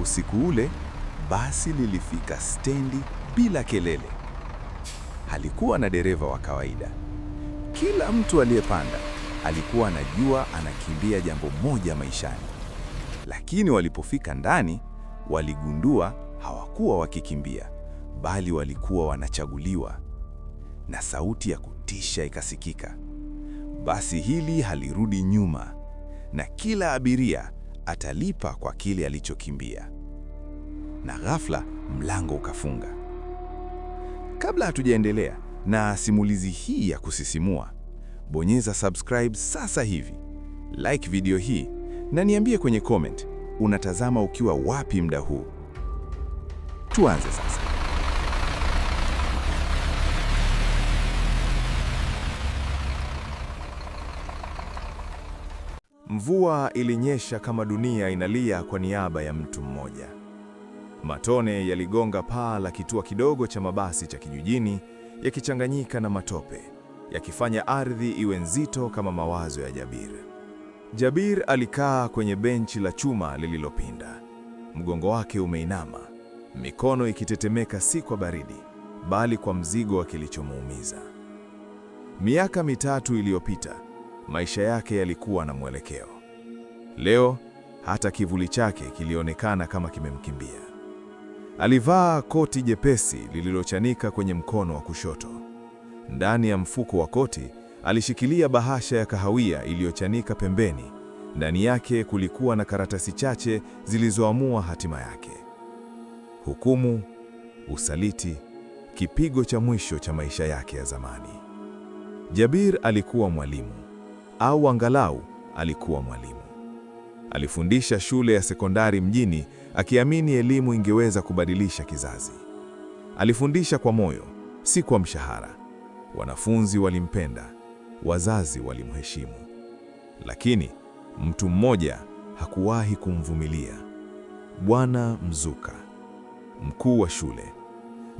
Usiku ule basi lilifika stendi bila kelele. Halikuwa na dereva wa kawaida. Kila mtu aliyepanda alikuwa anajua anakimbia jambo moja maishani, lakini walipofika ndani waligundua hawakuwa wakikimbia, bali walikuwa wanachaguliwa. Na sauti ya kutisha ikasikika, basi hili halirudi nyuma, na kila abiria atalipa kwa kile alichokimbia. Na ghafla mlango ukafunga. Kabla hatujaendelea na simulizi hii ya kusisimua, bonyeza subscribe sasa hivi, like video hii na niambie kwenye comment unatazama ukiwa wapi muda huu. Tuanze sasa. Mvua ilinyesha kama dunia inalia kwa niaba ya mtu mmoja. Matone yaligonga paa la kituo kidogo cha mabasi cha kijijini, yakichanganyika na matope, yakifanya ardhi iwe nzito kama mawazo ya Jabir. Jabir alikaa kwenye benchi la chuma lililopinda, mgongo wake umeinama, mikono ikitetemeka, si kwa baridi, bali kwa mzigo wa kilichomuumiza. Miaka mitatu iliyopita maisha yake yalikuwa na mwelekeo. Leo hata kivuli chake kilionekana kama kimemkimbia. Alivaa koti jepesi lililochanika kwenye mkono wa kushoto. Ndani ya mfuko wa koti alishikilia bahasha ya kahawia iliyochanika pembeni. Ndani yake kulikuwa na karatasi chache zilizoamua hatima yake: hukumu, usaliti, kipigo cha mwisho cha maisha yake ya zamani. Jabir alikuwa mwalimu au angalau alikuwa mwalimu. Alifundisha shule ya sekondari mjini akiamini elimu ingeweza kubadilisha kizazi. Alifundisha kwa moyo, si kwa mshahara. Wanafunzi walimpenda, wazazi walimheshimu. Lakini mtu mmoja hakuwahi kumvumilia. Bwana Mzuka, mkuu wa shule,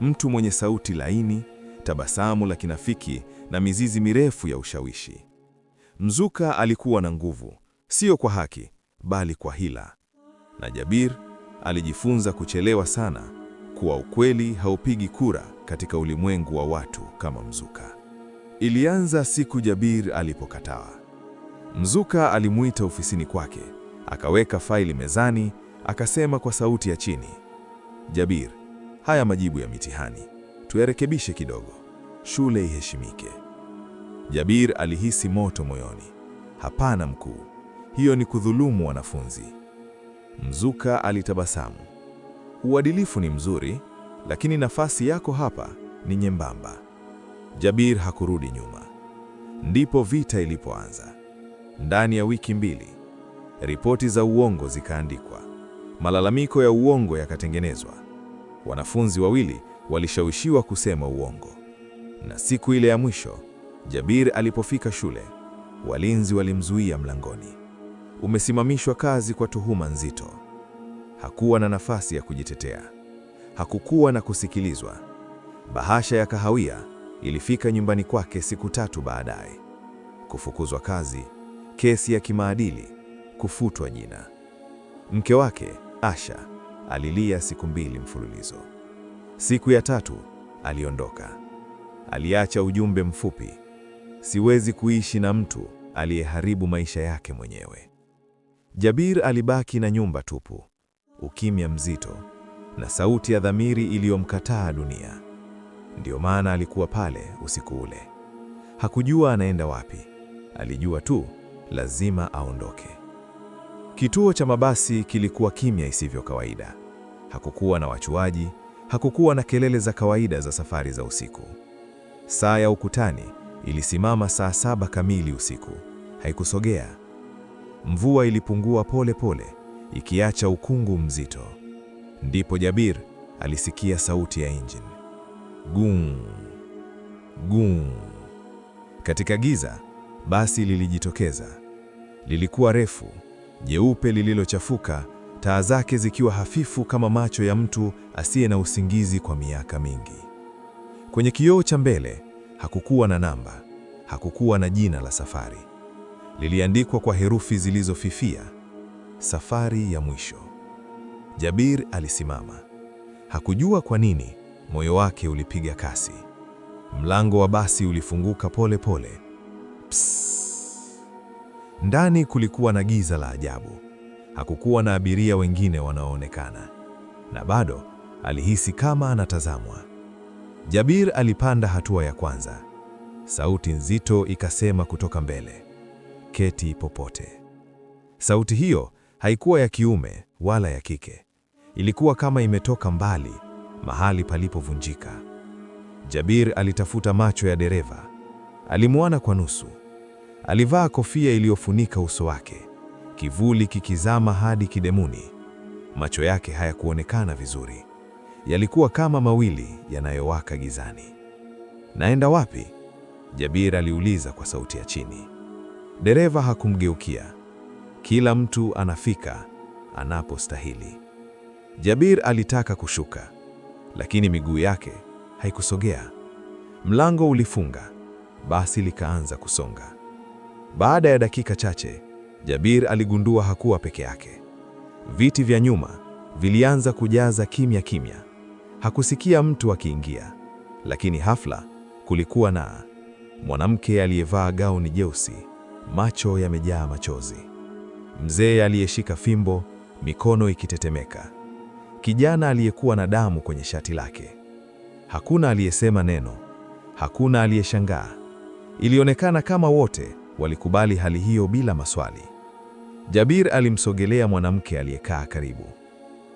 mtu mwenye sauti laini, tabasamu la kinafiki na mizizi mirefu ya ushawishi. Mzuka alikuwa na nguvu, sio kwa haki, bali kwa hila. Na Jabir alijifunza kuchelewa sana kuwa ukweli haupigi kura katika ulimwengu wa watu kama Mzuka. Ilianza siku Jabir alipokataa. Mzuka alimuita ofisini kwake, akaweka faili mezani, akasema kwa sauti ya chini, Jabir, haya majibu ya mitihani tuyarekebishe kidogo, shule iheshimike. Jabir alihisi moto moyoni. Hapana mkuu, hiyo ni kudhulumu wanafunzi. Mzuka alitabasamu. Uadilifu ni mzuri, lakini nafasi yako hapa ni nyembamba. Jabir hakurudi nyuma. Ndipo vita ilipoanza. Ndani ya wiki mbili, ripoti za uongo zikaandikwa, malalamiko ya uongo yakatengenezwa. Wanafunzi wawili walishawishiwa kusema uongo, na siku ile ya mwisho Jabir alipofika shule, walinzi walimzuia mlangoni. Umesimamishwa kazi kwa tuhuma nzito. Hakuwa na nafasi ya kujitetea. Hakukuwa na kusikilizwa. Bahasha ya kahawia ilifika nyumbani kwake siku tatu baadaye. Kufukuzwa kazi, kesi ya kimaadili, kufutwa jina. Mke wake Asha alilia siku mbili mfululizo. Siku ya tatu aliondoka. Aliacha ujumbe mfupi. Siwezi kuishi na mtu aliyeharibu maisha yake mwenyewe. Jabir alibaki na nyumba tupu, ukimya mzito na sauti ya dhamiri iliyomkataa dunia. Ndiyo maana alikuwa pale usiku ule. Hakujua anaenda wapi, alijua tu lazima aondoke. Kituo cha mabasi kilikuwa kimya isivyo kawaida. Hakukuwa na wachuaji, hakukuwa na kelele za kawaida za safari za usiku. Saa ya ukutani Ilisimama saa saba kamili usiku, haikusogea. Mvua ilipungua pole pole, ikiacha ukungu mzito. Ndipo Jabir alisikia sauti ya injini, gung gung. Katika giza, basi lilijitokeza. Lilikuwa refu, jeupe, lililochafuka, taa zake zikiwa hafifu kama macho ya mtu asiye na usingizi kwa miaka mingi. Kwenye kioo cha mbele Hakukuwa na namba, hakukuwa na jina la safari. Liliandikwa kwa herufi zilizofifia, safari ya mwisho. Jabir alisimama. Hakujua kwa nini, moyo wake ulipiga kasi. Mlango wa basi ulifunguka pole pole. Ndani kulikuwa na giza la ajabu. Hakukuwa na abiria wengine wanaoonekana, na bado alihisi kama anatazamwa. Jabir alipanda hatua ya kwanza. Sauti nzito ikasema kutoka mbele, keti popote. Sauti hiyo haikuwa ya kiume wala ya kike, ilikuwa kama imetoka mbali, mahali palipovunjika. Jabir alitafuta macho ya dereva, alimwona kwa nusu. Alivaa kofia iliyofunika uso wake, kivuli kikizama hadi kidemuni. Macho yake hayakuonekana vizuri yalikuwa kama mawili yanayowaka gizani. Naenda wapi? Jabir aliuliza kwa sauti ya chini. Dereva hakumgeukia. Kila mtu anafika anapostahili. Jabir alitaka kushuka, lakini miguu yake haikusogea. Mlango ulifunga, basi likaanza kusonga. Baada ya dakika chache, Jabir aligundua hakuwa peke yake. Viti vya nyuma vilianza kujaza kimya kimya. Hakusikia mtu akiingia, lakini hafla kulikuwa na mwanamke aliyevaa gauni jeusi, macho yamejaa machozi, mzee aliyeshika fimbo, mikono ikitetemeka, kijana aliyekuwa na damu kwenye shati lake. Hakuna aliyesema neno, hakuna aliyeshangaa. Ilionekana kama wote walikubali hali hiyo bila maswali. Jabir alimsogelea mwanamke aliyekaa karibu.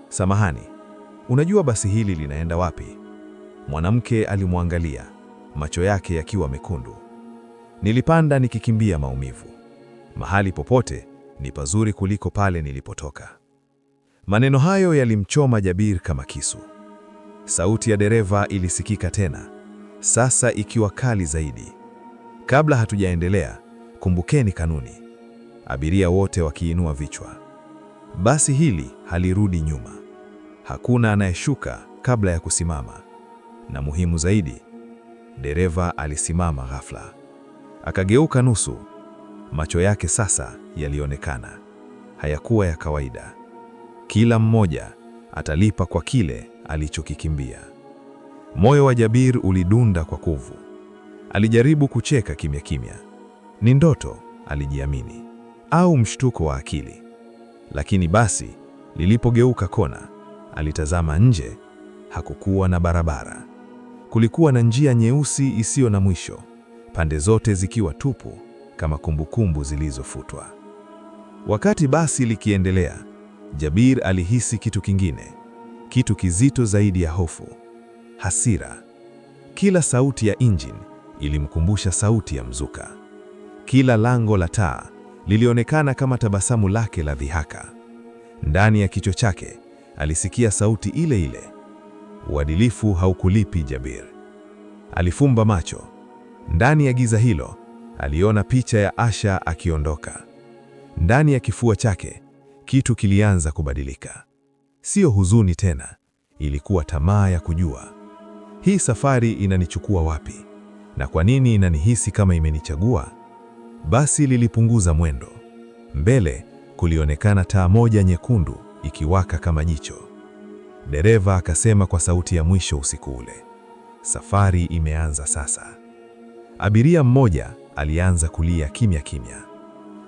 Samahani, Unajua basi hili linaenda wapi? Mwanamke alimwangalia, macho yake yakiwa mekundu. Nilipanda nikikimbia maumivu. Mahali popote ni pazuri kuliko pale nilipotoka. Maneno hayo yalimchoma Jabir kama kisu. Sauti ya dereva ilisikika tena, sasa ikiwa kali zaidi. Kabla hatujaendelea, kumbukeni kanuni. Abiria wote wakiinua vichwa. Basi hili halirudi nyuma. Hakuna anayeshuka kabla ya kusimama, na muhimu zaidi, dereva alisimama ghafla, akageuka nusu. Macho yake sasa yalionekana, hayakuwa ya kawaida. Kila mmoja atalipa kwa kile alichokikimbia. Moyo wa Jabir ulidunda kwa nguvu. Alijaribu kucheka kimya kimya, ni ndoto, alijiamini, au mshtuko wa akili. Lakini basi lilipogeuka kona Alitazama nje. Hakukuwa na barabara. Kulikuwa na njia nyeusi isiyo na mwisho, pande zote zikiwa tupu kama kumbukumbu zilizofutwa. Wakati basi likiendelea, Jabir alihisi kitu kingine, kitu kizito zaidi ya hofu, hasira. Kila sauti ya injini ilimkumbusha sauti ya mzuka. Kila lango la taa lilionekana kama tabasamu lake la dhihaka. Ndani ya kichwa chake alisikia sauti ile ile, uadilifu haukulipi Jabir. Alifumba macho. Ndani ya giza hilo aliona picha ya Asha akiondoka. Ndani ya kifua chake kitu kilianza kubadilika. Sio huzuni tena, ilikuwa tamaa ya kujua hii safari inanichukua wapi na kwa nini inanihisi kama imenichagua. Basi lilipunguza mwendo. Mbele kulionekana taa moja nyekundu ikiwaka kama jicho. Dereva akasema kwa sauti ya mwisho usiku ule, safari imeanza sasa. Abiria mmoja alianza kulia kimya kimya,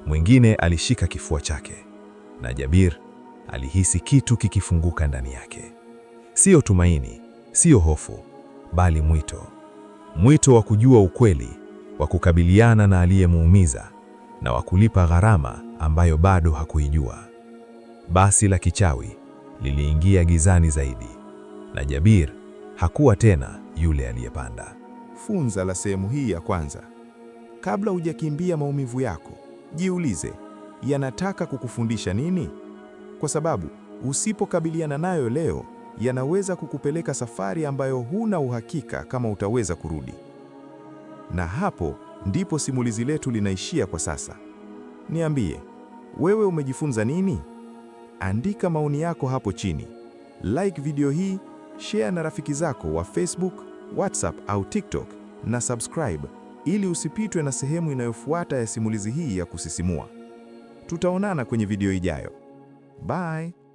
mwingine alishika kifua chake, na Jabir alihisi kitu kikifunguka ndani yake, sio tumaini, sio hofu, bali mwito, mwito wa kujua ukweli, wa kukabiliana na aliyemuumiza na wa kulipa gharama ambayo bado hakuijua. Basi la kichawi liliingia gizani zaidi, na Jabir hakuwa tena yule aliyepanda. Funza la sehemu hii ya kwanza: kabla hujakimbia maumivu yako, jiulize yanataka kukufundisha nini, kwa sababu usipokabiliana nayo leo yanaweza kukupeleka safari ambayo huna uhakika kama utaweza kurudi. Na hapo ndipo simulizi letu linaishia kwa sasa. Niambie, wewe umejifunza nini? Andika maoni yako hapo chini, like video hii, share na rafiki zako wa Facebook, WhatsApp au TikTok na subscribe ili usipitwe na sehemu inayofuata ya simulizi hii ya kusisimua. Tutaonana kwenye video ijayo. Bye.